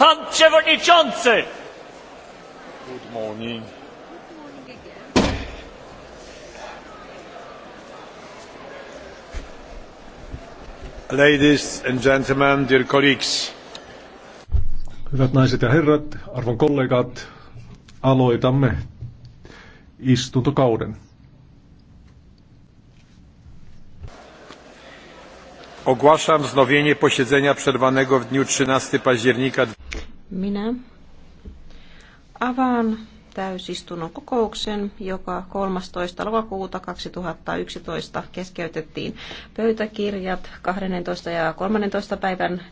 Pan Przewodniczący! Good morning. Ladies and gentlemen, dear colleagues. Hyvät naiset ja herrat, arvon kollegat, aloitamme istuntokauden. ogłaszam wznowienie posiedzenia przerwanego w dniu 13 października. Minä avaan täysistunnon kokouksen, joka 13. lokakuuta 2011 keskeytettiin. Pöytäkirjat 12. ja 13. päivän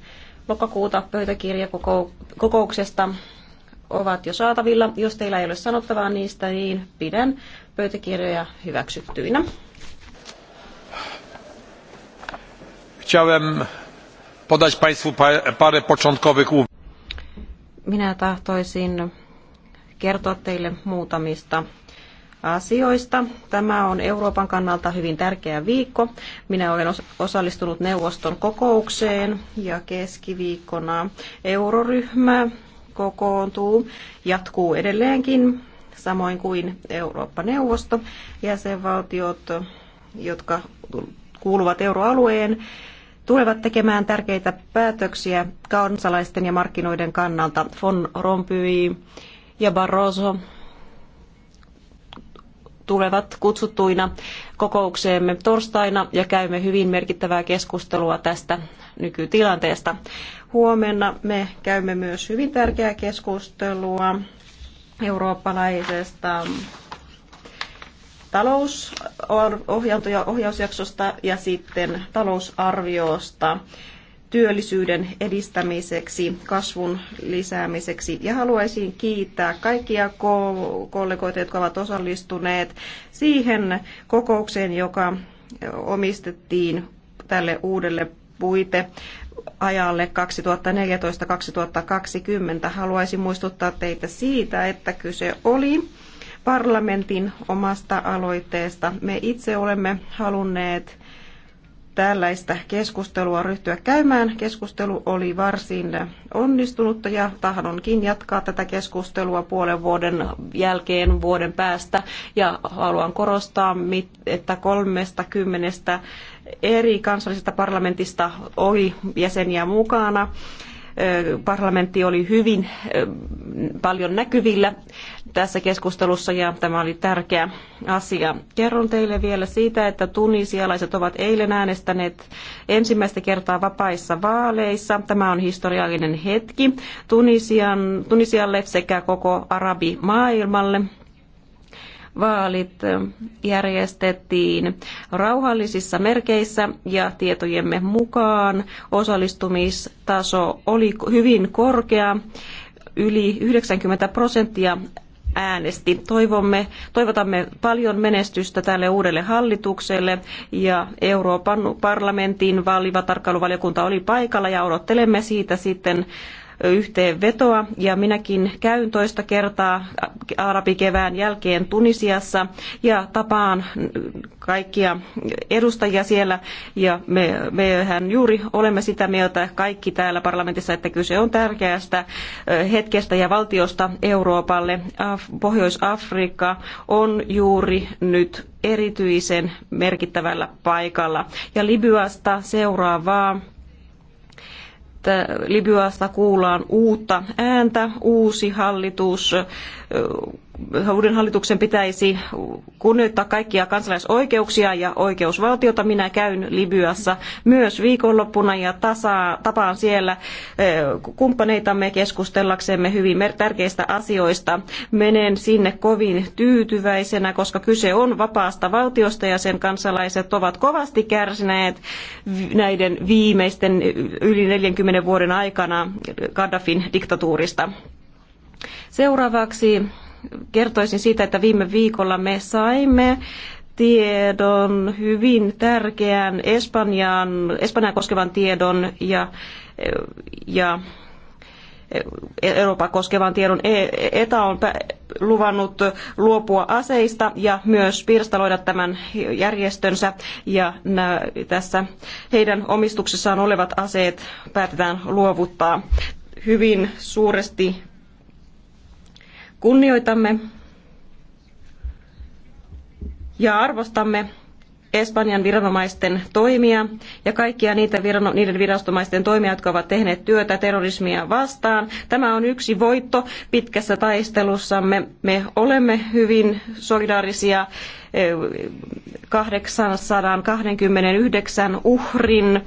lokakuuta pöytäkirjakokouksesta ovat jo saatavilla. Jos teillä ei ole sanottavaa niistä, niin pidän pöytäkirjoja hyväksyttyinä. Chciałem podać Państwu parę początkowych uwag. Minä tahtoisin kertoa teille muutamista asioista. Tämä on Euroopan kannalta hyvin tärkeä viikko. Minä olen osallistunut neuvoston kokoukseen ja keskiviikkona euroryhmä kokoontuu, jatkuu edelleenkin, samoin kuin Eurooppa-neuvosto, jäsenvaltiot, jotka kuuluvat euroalueen tulevat tekemään tärkeitä päätöksiä kansalaisten ja markkinoiden kannalta. Von Rompuy ja Barroso tulevat kutsuttuina kokoukseemme torstaina ja käymme hyvin merkittävää keskustelua tästä nykytilanteesta. Huomenna me käymme myös hyvin tärkeää keskustelua eurooppalaisesta talousohjausjaksosta ja sitten talousarviosta työllisyyden edistämiseksi, kasvun lisäämiseksi. Ja haluaisin kiittää kaikkia kollegoita, jotka ovat osallistuneet siihen kokoukseen, joka omistettiin tälle uudelle puite ajalle 2014-2020. Haluaisin muistuttaa teitä siitä, että kyse oli parlamentin omasta aloitteesta. Me itse olemme halunneet tällaista keskustelua ryhtyä käymään. Keskustelu oli varsin onnistunutta ja tahdonkin jatkaa tätä keskustelua puolen vuoden jälkeen vuoden päästä. Ja haluan korostaa, että kolmesta kymmenestä eri kansallisesta parlamentista oli jäseniä mukana parlamentti oli hyvin paljon näkyvillä tässä keskustelussa ja tämä oli tärkeä asia. Kerron teille vielä siitä, että tunisialaiset ovat eilen äänestäneet ensimmäistä kertaa vapaissa vaaleissa. Tämä on historiallinen hetki Tunisian, Tunisialle sekä koko arabimaailmalle vaalit järjestettiin rauhallisissa merkeissä ja tietojemme mukaan osallistumistaso oli hyvin korkea, yli 90 prosenttia äänesti. Toivomme, toivotamme paljon menestystä tälle uudelle hallitukselle ja Euroopan parlamentin vaaliva oli paikalla ja odottelemme siitä sitten yhteenvetoa ja minäkin käyn toista kertaa arabikevään jälkeen Tunisiassa ja tapaan kaikkia edustajia siellä ja me, mehän juuri olemme sitä mieltä kaikki täällä parlamentissa, että kyse on tärkeästä hetkestä ja valtiosta Euroopalle. Pohjois-Afrikka on juuri nyt erityisen merkittävällä paikalla. Ja Libyasta seuraavaa että Libyasta kuullaan uutta ääntä, uusi hallitus uuden hallituksen pitäisi kunnioittaa kaikkia kansalaisoikeuksia ja oikeusvaltiota. Minä käyn Libyassa myös viikonloppuna ja tapaan siellä eh, kumppaneitamme keskustellaksemme hyvin tärkeistä asioista. Menen sinne kovin tyytyväisenä, koska kyse on vapaasta valtiosta ja sen kansalaiset ovat kovasti kärsineet näiden viimeisten yli 40 vuoden aikana Gaddafin diktatuurista. Seuraavaksi kertoisin siitä, että viime viikolla me saimme tiedon, hyvin tärkeän Espanjan, Espanjaa koskevan tiedon ja, ja Euroopan koskevan tiedon. ETA e on luvannut luopua aseista ja myös pirstaloida tämän järjestönsä ja tässä heidän omistuksessaan olevat aseet päätetään luovuttaa hyvin suuresti kunnioitamme ja arvostamme Espanjan viranomaisten toimia ja kaikkia niitä virano, niiden viranomaisten toimia, jotka ovat tehneet työtä terrorismia vastaan. Tämä on yksi voitto pitkässä taistelussamme. Me olemme hyvin solidaarisia 829 eh, uhrin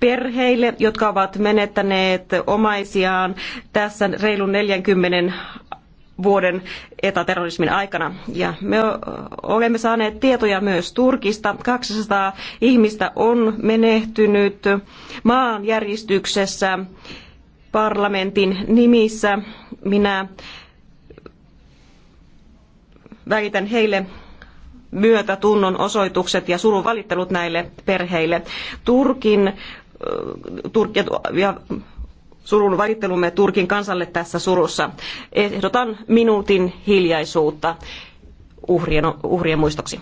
perheille, jotka ovat menettäneet omaisiaan tässä reilun 40 vuoden etaterrorismin aikana. Ja me olemme saaneet tietoja myös Turkista. 200 ihmistä on menehtynyt maanjäristyksessä parlamentin nimissä. Minä välitän heille myötätunnon osoitukset ja surun valittelut näille perheille. Turkin Turkki ja surun valittelumme Turkin kansalle tässä surussa. Ehdotan minuutin hiljaisuutta uhrien, uhrien muistoksi.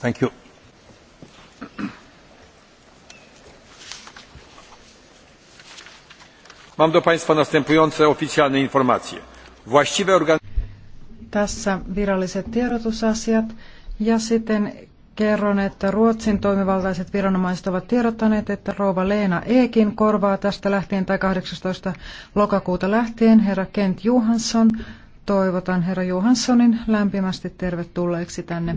Thank you. Mam do Państwa następujące oficjalne informacje. Właściwe organy... Tässä viralliset tiedotusasiat ja sitten kerron, että Ruotsin toimivaltaiset viranomaiset ovat tiedottaneet, että rouva Leena Ekin korvaa tästä lähtien tai 18. lokakuuta lähtien herra Kent Johansson. Toivotan herra Johanssonin lämpimästi tervetulleeksi tänne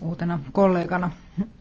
uutena kollegana.